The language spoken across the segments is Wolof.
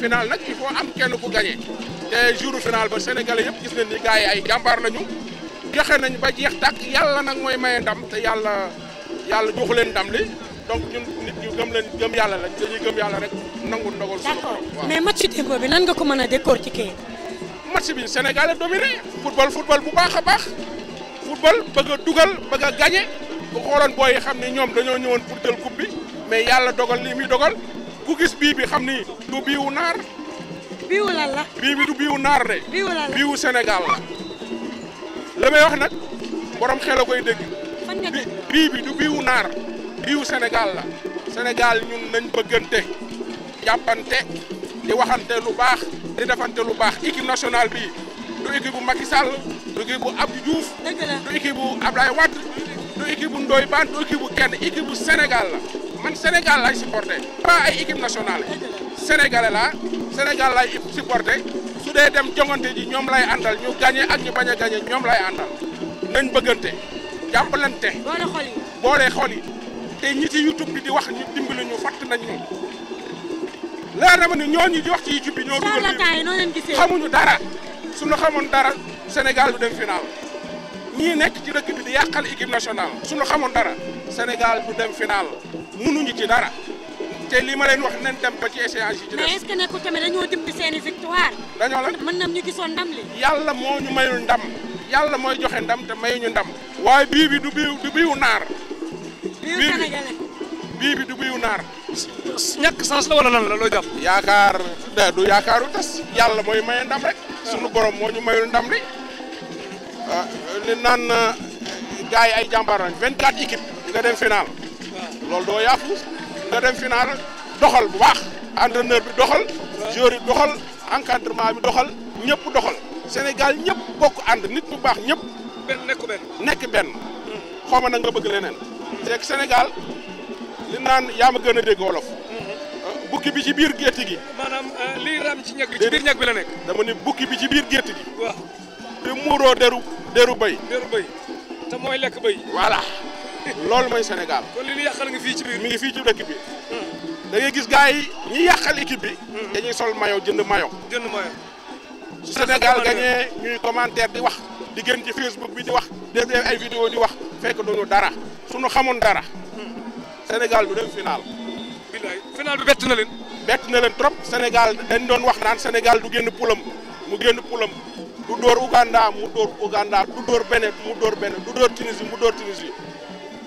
final nag il faut am kenn ku gagné te jour final ba sénégalais yëpp gis nañ ni gars yi ay jàmbaar lañu joxe nañ ba jeex tàkk yàlla nag mooy maye ndam te yàlla yàlla joxu leen ndam li donc ñun nit ñu gëm leen gëm yàlla la dañuy gëm yàlla rek nangu ndogal. d'accord mais match démb bi nan nga ko mën a décortiquer. match bi Sénégal a dominé football football bu baax a baax football bëgg a dugal bëgg a gagné bu xooloon booy xam ne ñoom dañoo ñëwoon pour jël coupe bi mais yàlla dogal lii muy ku gis bii bi xam ni du biiwu naar. biiwu lan la. du biiwu naar de. biiwu lan la biiwu wax nag borom xel a koy dégg. bii du biiwu naar. biiw Sénégal la. Sénégal ñun nañ bëggante jàppante di waxante lu baax di defante lu baax équipe nationale bi du équipe bu Macky Sall du équipe bu Abdou Diouf. du équipe bu Abdoulaye Wade. du équipe bu Ndoye Bane du équipe bu kenn équipe bu Sénégal la man Sénégal laay supporté pas ay équipe nationale Sénégalais la su dee dem jongante ji ñoom lay àndal ñu gagné ak ñu bañ a gagné ñoom lay àndal nañ bëggante jàppalante boole xol yi te ñi ci YouTube bi di wax ñu dimbali ñu fàtt nañ ñu leer na ma ni ñooñu di wax ci YouTube bi ñoo dugal xamuñu dara suñu xamoon dara Sénégal du dem final ñii nekk ci dëkk bi di yàqal équipe nationale suñu xamoon dara Sénégal du dem final mënuñu ci dara te li ma leen wax nañ dem ci échéance yi. ci mais est-ce que nekkul tamit dañoo dimbali seen i victoire. dañoo lan mën na ñu gisoon ndam li. yàlla moo ñu mayul ndam yàlla mooy joxe ndam te ñu ndam. waaye bii bi du biiw du naar. biiw sénégalais bii bi du biiw naar. ñàkk sens la wala lan la loo jàpp. yaakaar du yaakaaru tas yàlla mooy maye ndam rek. sunu borom moo ñu mayul ndam li. li naan euh, gars yi ay jàmbaar lañ 24 équipes nga dem final. lool doo yàqu nga dem final doxal bu baax. entraîneur bi doxal. joueur yi doxal encadrement bi doxal ñëpp doxal. Sénégal ñëpp bokk ànd nit bu baax ñëpp. nekk benn. nekk benn. xaw ma nag nga bëgg leneen. c'est li naan yaa ma gën a dégg wolof. bukki bi ci biir gétt gi. maanaam euh, liy ram ci ci biir ñag bi la nekk. dama ne bukki bi ci biir gétt gi. waaw. di muuroo deru deru béy. deru béy mooy lekk bay voilà loolu mooy senegal kon li ñu yàqal nga fii ci biir. mi ngi fii ci dëkk bi. Hmm. da ngay gis gars yi ñi yàqal équipe bi. Hmm. dañuy sol maillot jënd maillot. jënd maillot. su Sénégal gañee ñuy commentaire di wax di gën ci Facebook bi di wax di def ay vidéo di wax fekk duñu dara suñu xamoon dara. Hmm. senegal du dem final. bilaay final bi bett na leen. bett na leen trop Sénégal dañ doon wax naan senegal du génn pulam mu génn pulam du dóor Ouganda mu dóor Ouganda du dóor Bénin mu dóor Bénin du door Tunisie mu dóor Tunisie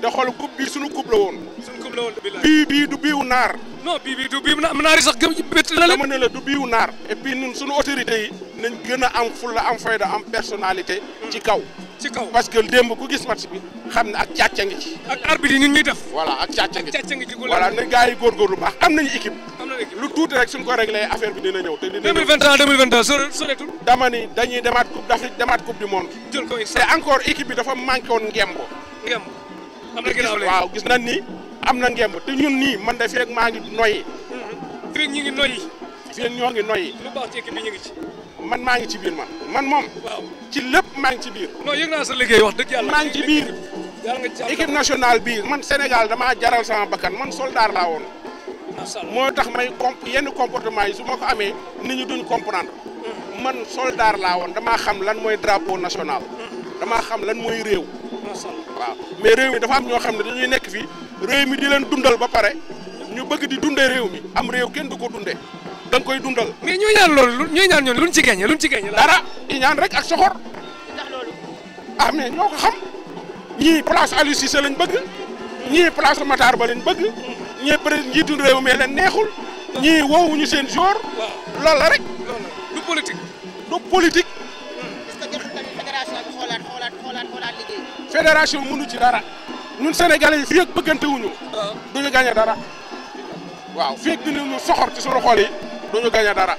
te xool coupe bi suñu coupe la woon. suñu coupe la woon bii bii du bii wu naar. non bii bii du bii naar yi sax gëm bëtt na la. dama ne du bii wu naar. et puis ñun yi. nañ gën a am fulla am fayda am personnalité. ci kaw. ci kaw parce que démb ku gis match xam ne ak càcca ci. ak arbitre yi ñun ñuy def. voilà ak càcca ngi ci ak càcca ngi ci voilà na gars baax am nañu équipe. lu tuut rek suñ ko réglé affaire bi dina ñëw te dina 2021 2022 soreetul dama ni dañuy demaat coupe d'Afrique demaat coupe du monde jël ko te bi dafa manqué woon ngemb ngemb am na ginnaaw waaw gis nañ ni am na ngemb te ñun nii man de feeg maa ngi noyyi mm-hmm. feeg ñu ngi noyyi feeg ñoo ngi noyyi ngi ci man maa ngi ci biir man man moom ci lépp maa ngi ci biir non yëg naa sa liggéey wax dëgg yàlla maa ngi ci biir équipe nationale bi man Sénégal damaa jaral sama bakkan man soldat laa woon moo tax may comp yenn comportement yi su ma ko amee nit ñi duñ comprendre man soldat laa woon damaa xam lan mooy drapeau national damaa xam lan mooy réew waaw mais réew mi dafa am ñoo xam ne dañuy nekk fii réew mi di leen dundal ba pare ñu bëgg di dundee réew mi am réew kenn du ko dundee da koy dundal mais ñooy ñaan loolu ñooy ñaan ñoon luñ ci gagné luñ ci gagné dara i ñaan rek ak soxor ah mais ñoo ko xam ñii place Aliou Cissé lañ bëgg ñii place Matar Ba lañ bëgg ñee président njiitu réew mi leen neexul. ñii woowuñu seen jour. waaw loolu rek. du politique. du politique. est-ce que fédération bi xoolaat xoolaat ci dara. ñun Sénégalais yi fii ak bëggante wuñu. Ah. duñu gagné dara. waaw fii ak dinañu soxor ci suñu xol yi duñu gagné dara.